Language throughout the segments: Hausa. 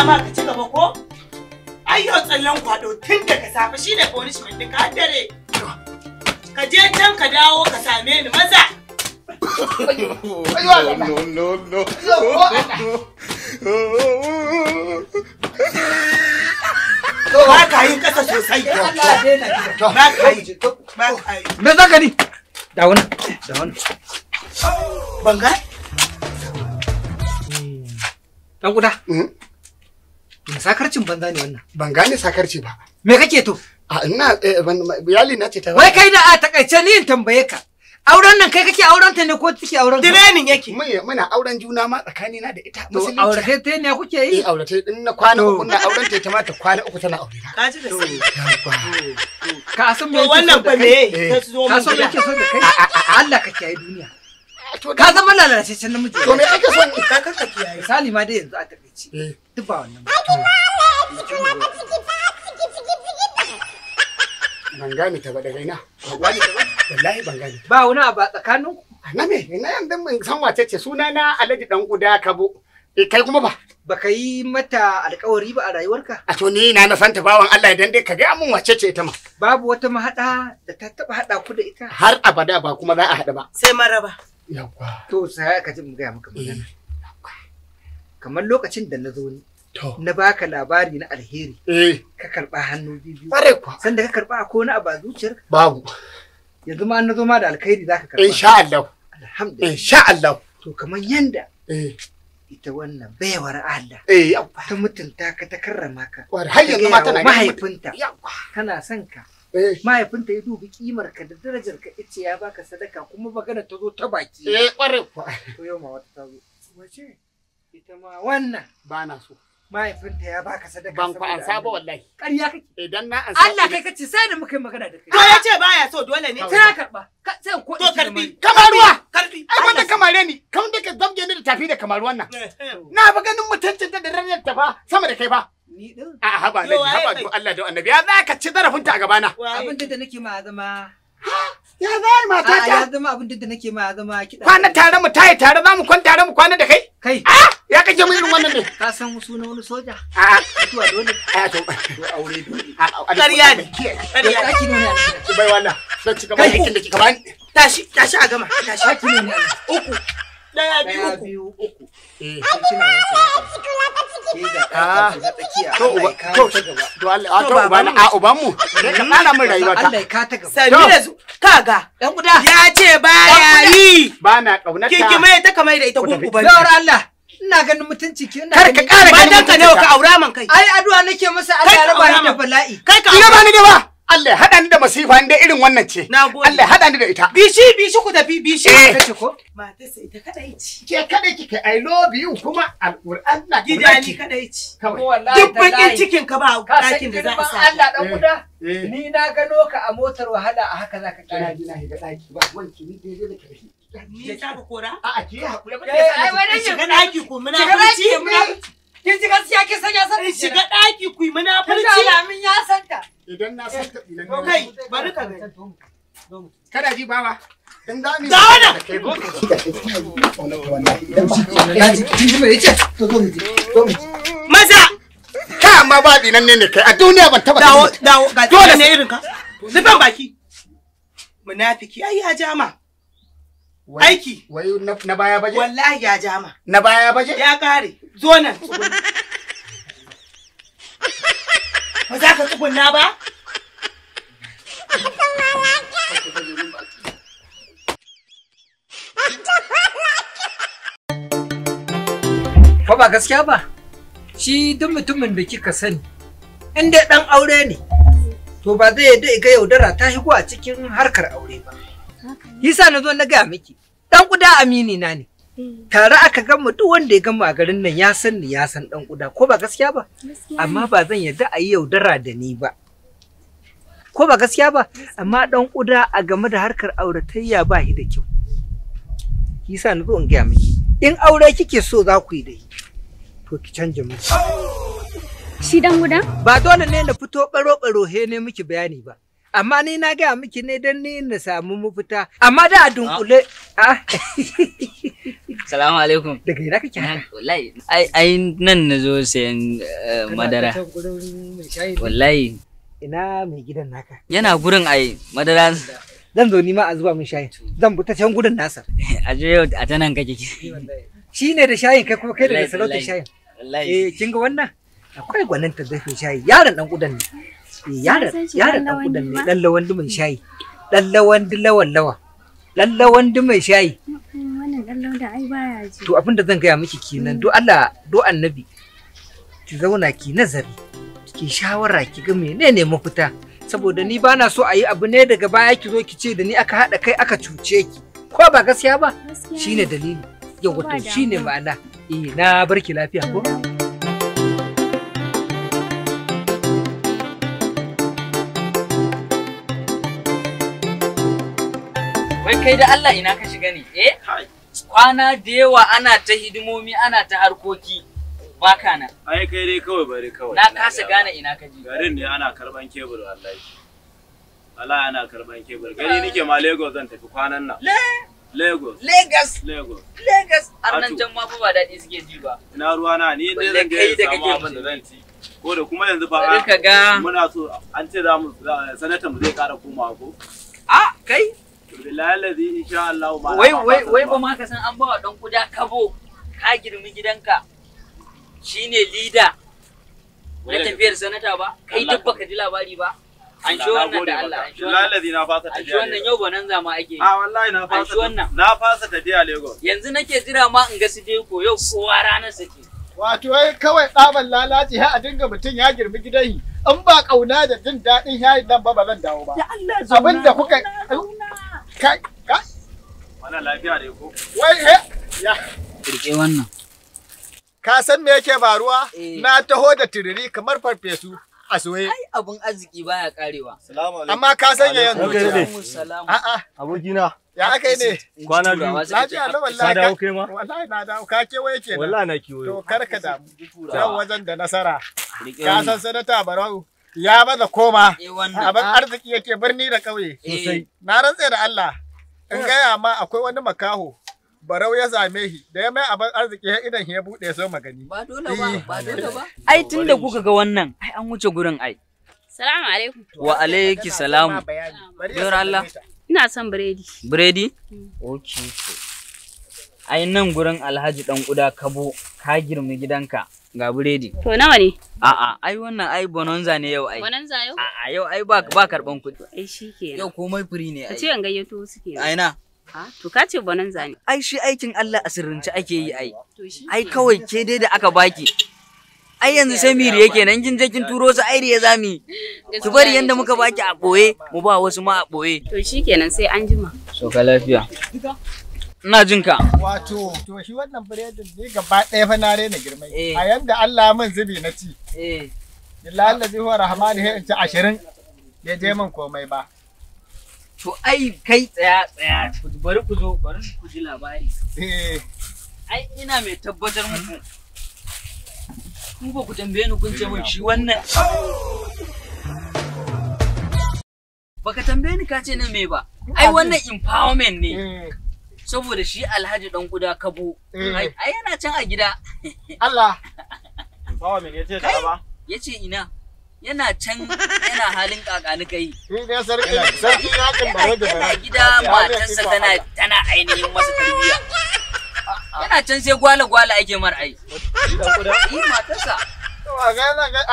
gaya ma ka ci gaba ko? Ai yau tsallen kwaɗo tun daga safe shi ne punishment ɗin ka dare. Ka je can ka dawo ka same ni maza. No, no, no, no. Ba ka yi kasa sosai. Ba ka yi. Ba ka yi. Me za ka ni? Da wani. Da wani. Banga? Dan kuda. Mm-hmm. sakarcin ban ne wannan ban gane sakarci ba me kake to a ina eh, iyali na ce ta wai kai da a takaice ni in tambaye ka auren nan kai kake auren ta ne ko take auren ka direnin yake mai muna auren juna ma tsakani na da ita musulunci aurate ta ne kuke yi eh aurate din na kwana uku na auren ta ita ma ta kwana uku tana aure ka ji da sai ka san me wannan fa me eh. ka zo san me yake so da kai Allah ka kiyaye duniya ka zama lalacecen namiji to me kake son ka kanka kiyaye misali ma dai yanzu a ci duk ba wannan ba ai Allah ya ciki na ta ciki ta ciki ciki ciki ban gane ta ba daga ina ban gane ta ba wallahi bangani. ba wani ba tsakanin ku na me ina yan dan ban san wacece ce suna na Alhaji dan guda kabo eh kai kuma ba Ba ka yi mata alkawari ba a rayuwarka a to ni na na santa bawan Allah idan dai ka ga mun wacece ita ma babu wata mahada da ta taba hada ku da ita har abada ba kuma za a hada ba sai maraba yawa to sai ka ji mu ga maka magana kamar lokacin da na zo ni na baka labari na alheri eh. ka karba hannu biyu sanda ka karba ko na ba zuciyar babu yanzu ma na zo ma da alkhairi zaka karba insha Allah alhamdulillah insha Allah to kamar yanda eh. ita wannan baiwar Allah eh, ta mutunta ka ta karrama ka har yanzu ma tana mahaifinta tana son ka mahaifinta ya dubi kimar ka da darajar ka ice ya baka sadaka kuma magana ta zo ta baki eh kwarai to yau ma wata ta zo wace ita ma wannan ba na so mahaifinta ya baka sadaka ban ku ansa ba wallahi ƙarya kake idan na ansa Allah kai kace sai da muka yi magana da kai to yace baya so dole ne sai karba sai ko to karbi kamaruwa karbi ai wanda kamare ni kan da ka ni da tafi da kamaruwan nan eh, eh. na ba ganin mutuncin da ranar ta fa sama da kai ba ni din a haba na haba Allah da annabi ya za ka ci zarafinta a gabana abin da nake ma zama Ya zai mata ta. Ya zama abin da nake ma ya zama kiɗa. Kwana tare mu tayi tare za mu kwan tare mu kwana da kai. Kai. Ah, ya kake mu irin wannan ne. Ka san na wani soja. A. Tuwa dole. A to. Aure dole. Ƙarya ne. Ƙarya bai ci gaba aikin da kika bani. Tashi tashi a gama. Tashi. ne. Uku. Daya biyu uku. eh kina kaga yan na ina ganin mutunci ki ka kara ganin mutunci ka aura man kai ai addu'a nake masa Allah ya raba ni da bala'i kai ka ba ni ba. Allah ya haɗa ni da masifa inda irin wannan ce. Allah ya haɗa ni da ita. Bishi bishi ku tafi bishi. Eh. ko? Mata sai ita yi ci. Ke ki kai I love you kuma alƙur'an na kadai kada yi ci. Kawai. Duk bakin cikin ka ba ɗakin da za a sa. Allah dan eh, guda. Eh. Ni na gano ka a motar wahala a haka zaka kira gina ga ɗaki ba wanki ni dai da kai. Ni ta ba kora? A'a ki hakuri ba. Eh, ai wani ne. ka ɗaki ko muna. Shiga ci muna. Kin ji gaskiya ki san ya san Shiga ɗaki ku yi munafurci. Kin ta. Idan na san ne. kai a duniya ban taba. Dawo dawo ga ne irin ka. baki. Munafiki ai ya jama. Aiki. Wai na baya baje? Wallahi ya jama. Na baya baje? Ya kare. zo nan ba za ka tsugunna ba Fa ba gaskiya ba, shi duk mutumin da kika sani, in dai ɗan aure ne, to ba zai yadda ga yaudara ta higo a cikin harkar aure ba. Yisa na zo na gaya miki, Dan kuda amini na ne, tare aka gan mu duk wanda ya gama a garin nan ya san ni ya san dan kuda ko ba gaskiya ba amma ba zan yarda a yi yaudara da ni ba ko ba gaskiya ba amma dan kuda a game da harkar auratayya ba shi da kyau yasa ni zo in gaya miki in aure kike so za ku yi da to ki canja miki shi dan guda ba dole ne na fito baro baro he ne miki bayani ba amma ni na gaya miki ne don ni na samu mafita amma da dunkule ah. Ah. salamu alaikum daga ina kake wallahi ai ai nan na zo sayan eh, madara wallahi ina mai gidan naka yana gurin ai madara zan zo ni ma a zuba min shayin zan buta ta can gurin nasa a je yau a ta nan kake shi ne da shayin kai kuma kai da salautar shayin eh kin ga wannan akwai gwanin ta dafe shayi yaron dan gudan ne yaran yaran dan kudan ne dan lawan mai shayi dan lawan lawan lawa dan lawan mai shayi wannan dan lawan ai baya ji to abinda zan gaya miki kenan do Allah do annabi ki zauna ki nazari ki shawara ki ga menene mafita saboda ni bana so a yi abu ne daga baya ki zo ki ce da ni aka haɗa kai aka cuce ki ko ba gaskiya ba shine dalili yau wato shine ma'ana eh na barki lafiya ko Wai kai da Allah ina ka shiga ne? Eh? Kwana da yawa ana ta hidimomi ana ta harkoki. Baka nan. Ai kai dai kawai bari kawai. Na kasa gane ina ka ji. Garin ne ana karban kebur wallahi. Wala ana karban kebur. Gari nake ma Lagos zan tafi kwanan nan. Le Lagos. Lagos. Lagos. Lagos. Har nan can ma ba daɗi suke ji ba. Ina ruwa na ni dai zan ga samu abin da zan ci. Ko da kuma yanzu ba muna so an ce za mu sanata mu zai kara komawa ko? Ah kai Bilalazi insha Allah ba. Wai wai wai ba ma ka san an bawa dan kuda kabo ka girmi gidanka shine leader na tafiyar sanata ba kai duk baka ji labari ba. An shi wannan da Allah. Bilalazi na fasa tafiya. An shi wannan yau ba nan zama ake yi. A ah, wallahi na fasa. wannan. Na fasa tafiya Lagos. Yanzu nake jira ma in ga su ko yau kowa ranar sake. Wato kawai tsaban lalaci ha a dinga mutum ya girmi gidan in ba kauna da jin daɗin yayin nan ba ba zan dawo ba. Abin da kuka Kai, Wannan lafiya ne ko? Wai he. Ya. Kirke wannan. Ka san me yake faruwa? Eh. Na taho da tiriri kamar farfesu a soye. Ai abun arziki baya karewa. Salamu alaikum. Amma ka sanya yanzu. A'a. Abokina. Ya kai ne? Kwana biyu. Lafiya na wallahi. Ka dawo kai ma? Wallahi na da Ka kewaye kenan. Wallahi na kewaye. To karka da damu. Zan wajen da nasara. Ka san sanata Barau. ya baza koma eh, abin arziki yake birni da ƙauye eh. na rantse da Allah in eh. gaya ma akwai wani makaho barau ya zame shi da ya mai abin arziki ya idan ya buɗe ya so magani ba dole ba ba dole ba ai tunda kuka ga wannan ai an wuce gurin ai salamu alaikum wa alaiki salamu bayar Allah ina son biredi biredi hmm. okay ai nan gurin Alhaji dan kuda kabo ka girmi gidanka ga buredi. To nawa ne? A'a, ai wannan ai bonanza ne yau ai. Bonanza yau? A'a, yau ai ba ba karban kuɗi. Ai shi Yau komai firi ne ai. Ka ce an gayyato su ke. Ai na. To ka ce bonanza ne. Ai shi aikin Allah a sirrince ake yi ai. Ai kawai ke dai da aka baki. Ai yanzu sai miri yake nan kin je kin turo su aire ya zami. Ki bari yanda muka baki a boye, mu ba wasu ma a boye. To shikenan sai an jima. So ka lafiya. Ina jin ka. Wato, to shi wannan biredin ne gaba ɗaya fa na rena girma. Eh. A yanda Allah min zubi na ci. Eh. Illa Allah zai rahmani he in ci ashirin ya je min komai ba. To ai kai tsaya tsaya bari ku zo bari ku ji labari. Eh. Ai ina mai tabbatar muku. Kun ba ku tambaye ni kun ce min shi wannan. Baka tambaye ni ka ce na me ba. Ai wannan empowerment ne. Eh. saboda shi alhaji dan guda kabo mm-hmm. ai yana can a gida Allah bawa me ne ce ba yace ina yana can yana halin kakani kai ne sarki sarki ya kan bare da yana gida matarsa tana tana ainihin masa tarbiyya yana can sai gwala gwala ake mar ai matarsa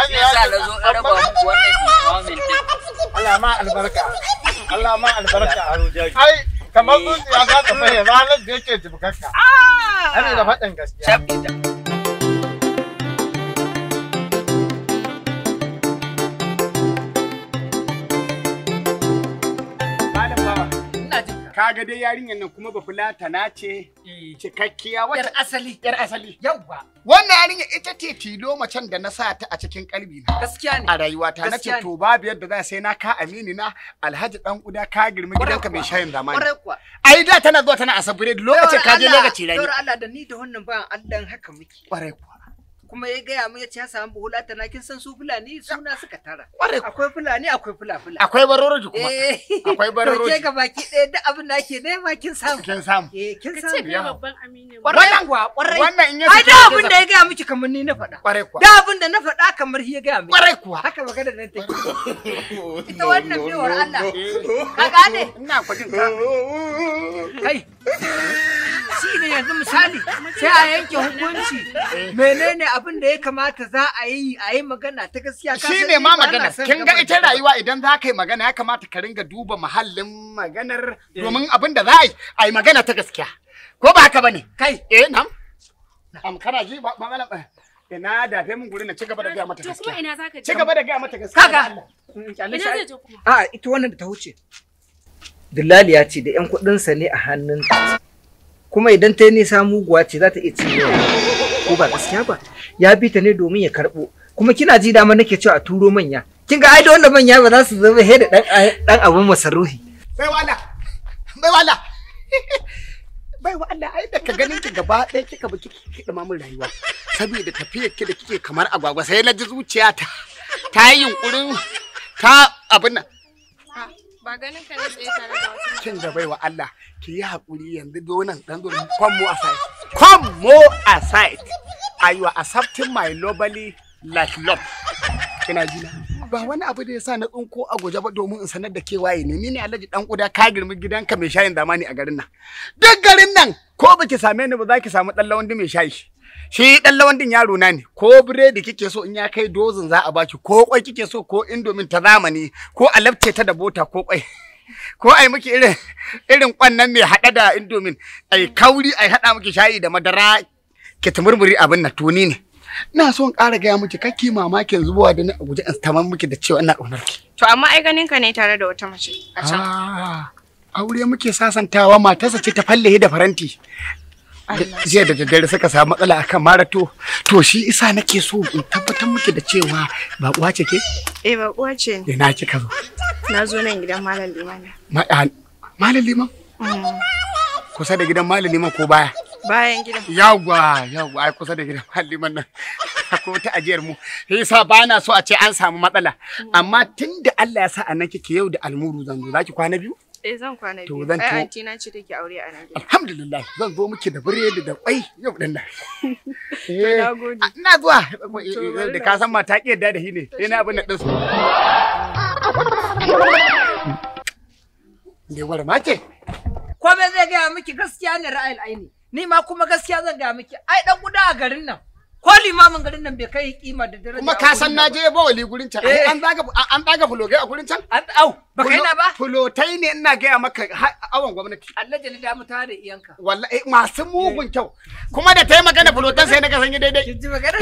ya sa Allah ma albarka Allah ma albarka ai kamar zuciya za ta fahimta ranar da yake jibgarka. Ah! Ana da faɗin gaskiya. kaga dai yarinyar nan kuma ba fulata na ce Cikakkiya wata. Yar asali. Yar asali. yawa Wannan yarinya ita ce tilo macen da na sa ta a cikin kalbi na. Gaskiya ne. A rayuwa na ce to babu yadda za sai na ka amini na Alhaji dan Uda ka girmi gidanka mai shayin zamani. kuwa. Ai da tana zuwa tana asabure lokacin ka je lokaci rani. Dora Allah da ni da wannan ba Allah haka muke. kwarai kuwa. kuma ya gaya mun ya ce ya samu buhu latana kin san su fulani suna suka tara akwai fulani akwai fulafula akwai baroroji kuma eh. akwai baroroji to ke ga baki ɗaya duk abin da ake ma kin samu kin samu eh kin samu ya babban amini wannan kuwa kwarai wannan in ya ai da abin da ya gaya miki kamar ni na faɗa kwarai kuwa da abin da na faɗa kamar shi ya gaya miki kwarai kuwa haka magana nan take ita wannan bewar Allah ka gane ina kwajin ka kai ne yanzu misali sai a yanke hukunci menene abin da ya kamata za a yi a yi magana ta gaskiya Shi ne ma magana kin ga ita rayuwa idan za ka yi magana ya kamata ka ringa duba muhallin maganar domin abin da za a yi a yi magana ta gaskiya ko ba haka bane kai eh nam am kana ji ba ba ina da fe mun guri na cigaba da gaya mata gaskiya to mm, kuma ina zaka cigaba da ga mata gaskiya kaga ina zai je kuma a ah, ita wannan da ta wuce Dillali ya ce da 'yan kuɗinsa ne a hannun ta. kuma idan ta yi nisa muguwa ce za ta iya cinye ko ba gaskiya ba ya bi ta ne domin ya karɓo kuma kina ji dama nake cewa a turo manya kin ga ai da wanda manya ba za su zama he da dan abun masaruhi bai wala bai wala bai wala ai da ka ganin ki gaba ɗaya kika ba kike kike min rayuwa saboda tafiyar ki da kike kamar agwagwa sai na ji zuciya ta ta yi yunkurin ta abin nan ba ganin ka ne tsaye tare da wasu kin da wa Allah ki yi hakuri yanzu donan ɗan donan come more aside come more aside are you accepting my lovely like love kina ji na ba wani abu da sa na tsinko a guje ba domin in sanar da ke waye ne ni ne alhaji dan kuda ka girmi gidanka mai shayin ne a garin nan duk garin nan ko baki same ni ba za ki samu ɗan lawandi mai shayi shi ɗan lawandin yaro na ne ko biredi kike so in ya kai dozin za a baki ko kwai kike so ko indomin ta zamani ko alafte ta da bota ko kwai ko ai muke irin irin kwannan mai hada da indomin ai kauri ai hada muke shayi da madara ta murmuri abin na tuni ne na so in ƙara gaya miki kake mamakin zuwa da na guje in taman miki da cewa ina ƙaunar ki to amma ai ganin ka ne tare da wata mace a can ah, aure muke sasantawa matarsa ce ta fallaye da faranti jiya da daddare suka samu matsala akan marato to shi isa nake so in tabbatar miki da cewa ba kuwa ce ke eh ba kuwa ce ne na kika zo na zo nan gidan malam limana malam liman mm. kusa da gidan malam liman ko baya bayan gidan yawwa yawwa ai kusa da gidan malam liman nan ko ta ajiyar mu yasa ba na so a ce an samu matsala mm. amma tunda Allah ya sa anan kike yau da almuru zan zo zaki kwana biyu Eh zan kwana biyu. To zan Ai anti na ce take aure a nan. Alhamdulillah zan zo miki da biredi da kwai yau din nan. Eh. Ina zuwa eh, da ka san mata ki yadda da shi ne. Sai eh, na abin da din su. Ne gwara mace. Ko zai gaya miki gaskiya ne ra'ayin aini. Ni ma kuma gaskiya zan gaya miki. Ai dan guda a garin nan. ko limamin garin nan bai kai kima da daraja kuma ka san naje ba wali gurin can eh. an daga an daga fulogai a gurin can an au ba kai na ba fulotai ne ina gaya maka awon gwamnati Allah jani da ta da iyanka wallahi eh, masu mugun eh. kyau kuma da tai magana fulotan sai na ka sanye daidai kin ji magana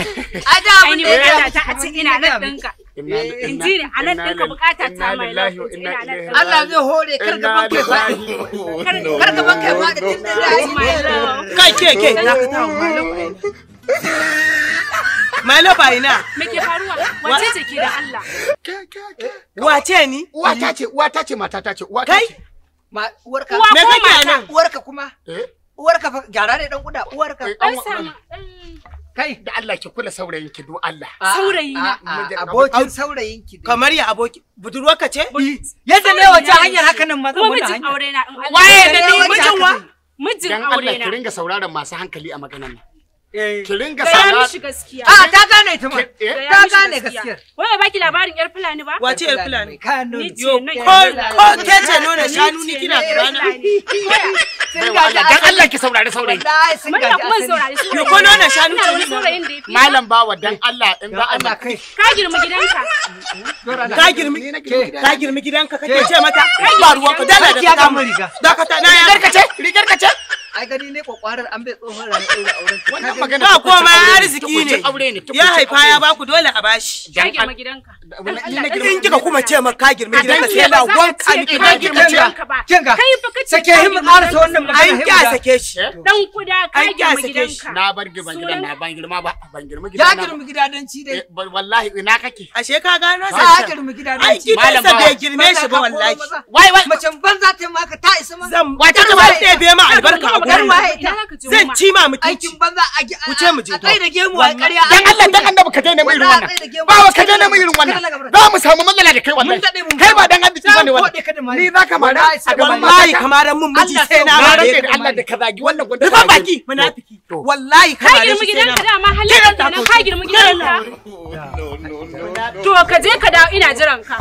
a da abu ne ta a cikin ina nan dinka in ji ne a nan dinka bukata ta mai lafiya Allah zai hore kar gaban kai ba kar gaban kai ba da tunda da ai kai ke ke na ka ta mallam Malo ba ina. Me ke faruwa? Wace ce ke da Allah? Wace ni? Uwata ce, uwata ce matata ce, uwata ce. Kai? Ma uwarka. Me kake nan? Uwarka kuma. Eh? Uwarka fa gyara ne dan kuda, uwarka. Eh, Ai sama. Eh. Kai da Allah ki kula saurayin ki do Allah. Saurayi na. Abokin saurayin ki. Kamar ya aboki budurwarka ce? Yadda ne wace hanyar haka nan maza mun hanya. Waye da ni mijin wa? Mijin aure na. Dan Allah ki ringa sauraron masu hankali a maganar nan. Eh, ki mishi gaskiya ah, ah, a ta gane eh? ta ma ta gane gaskiya wai baki labarin yar fulani ba wace yar fulani yo ko ko ke ce shanu ni kina fulani dan Allah ki saurari saurayi wallahi kuma saurari ko nono shanu ce malam bawa dan eh, Allah in ba Allah kai ka girmi gidanka ka girmi ka girmi gidanka kake ce mata ba ruwan ka dala da ka riga da ka ta na ya rigar ka ce rigar ka ce ai gani ne kwakwarar an bai tsohon ranar ɗaura auren ta wannan magana ba ko ma arziki ne ya haifa ya baku dole a bashi Ka girma gidanka in kika kuma ce ma ka girma gidanka sai na wanka ni ka girma gidanka kinga sake him arsa wannan magana an kya sake shi eh? dan kuda ka girma gidanka na bar girman gidan na ban girma ba ban girma gidan ya girma gidanci dai eh, wallahi ina kake ashe ka gano sa ya girma gidanci malam ba bai girme shi ba wallahi wai wai macen banza ta maka ta isa man zan wata ta bai ma albarka kar waye ina zan ci ma mutunci aikin banza a wuce mu je to kai da gemu a ƙarya dan Allah dan ka daina mai irin wannan ba ka daina mai irin wannan za mu samu matsala da kai wannan kai ba dan arziki bane wannan ni zaka mara a gaban mai kamar mun miji sai na mara da Allah da ka zagi wannan gwanda ba baki munafiki wallahi ka mara girmi gidanka da ma halin da nan ka girmi gidanka to ka je ka dawo ina jiran ka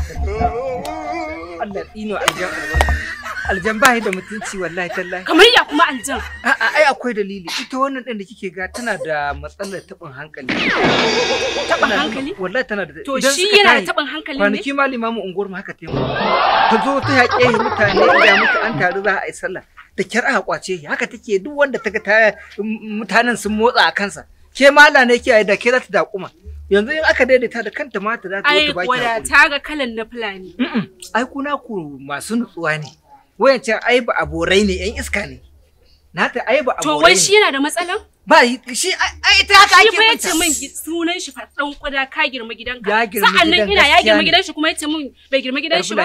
Allah ino aljanna aljan ba da mutunci wallahi tallahi kamar ya kuma aljan a'a ai akwai dalili ita wannan din da kike ga tana da matsalar tabin hankali tabin hankali wallahi tana da to shi yana da tabin hankali ne kwanaki ma limamu unguwar mu haka ta mu ta zo ta yaƙe mutane da muka an taru za a yi sallah da kyar a kwace haka take duk wanda ta ga mutanen sun motsa a kansa ke mala ne ke da ke za ta dakuma yanzu in aka daidaita da kanta ma ta za ta baki ai ta ga kalan na fulani ai kuna ku masu nutsuwa ne Wayancin ai ba aborai ne yan iska ne nata ai ba aborai to wai shi yana da matsala ba shi ai ta haka ake ba yace min sunan shi fatsan kuda ka girma gidanka sa'an nan ina ya girma gidan shi kuma yace min bai girma gidan shi ba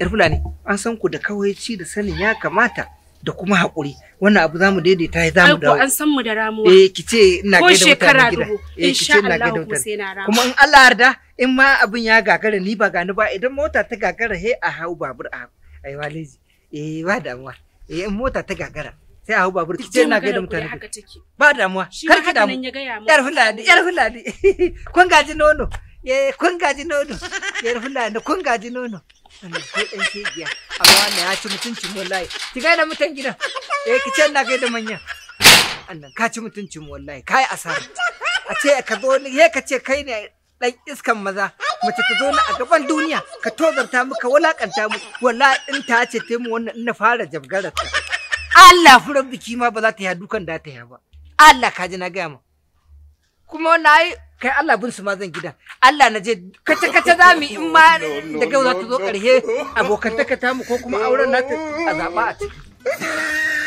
yar fulani an san ku da kawaici da sanin ya kamata da kuma haƙuri wannan abu zamu daidaita ya zamu dawo an san mu da ramuwa eh kice ina ga da mutane gida eh kice ina ga da mutane kuma in Allah yarda in ma abin ya gagara ni ba gani ba idan mota ta gagara he a hau babur a ai waleji eh ba damuwa eh in mota ta gagara sai a hau babur ki ce na ga da mutane ba damuwa kar ki damu yar fulani yar fulani kun gaji nono eh kun gaji nono yar fulani kun gaji nono Allah ko dan shegiya amma wannan ya ci mutuncin wallahi ki ga da mutan gidan eh ki ce na ga da manya Allah ka ci mutuncin wallahi kai asara a ce ka zo ne ka ce kai ne Ɗan iskan maza mace ta zo na a gaban duniya ka tozarta mu ka walakanta mu wala in ta ce ta mu wannan na fara jabgarar ta Allah furan biki ma ba za ta yi dukan da ta yi ba Allah ka ji na gaya ma kuma na yi kai Allah bin su ma zan gida Allah na je kace kace za mu in ma da za ta zo karshe abokantaka ta mu ko kuma auren na ta a zaba a ciki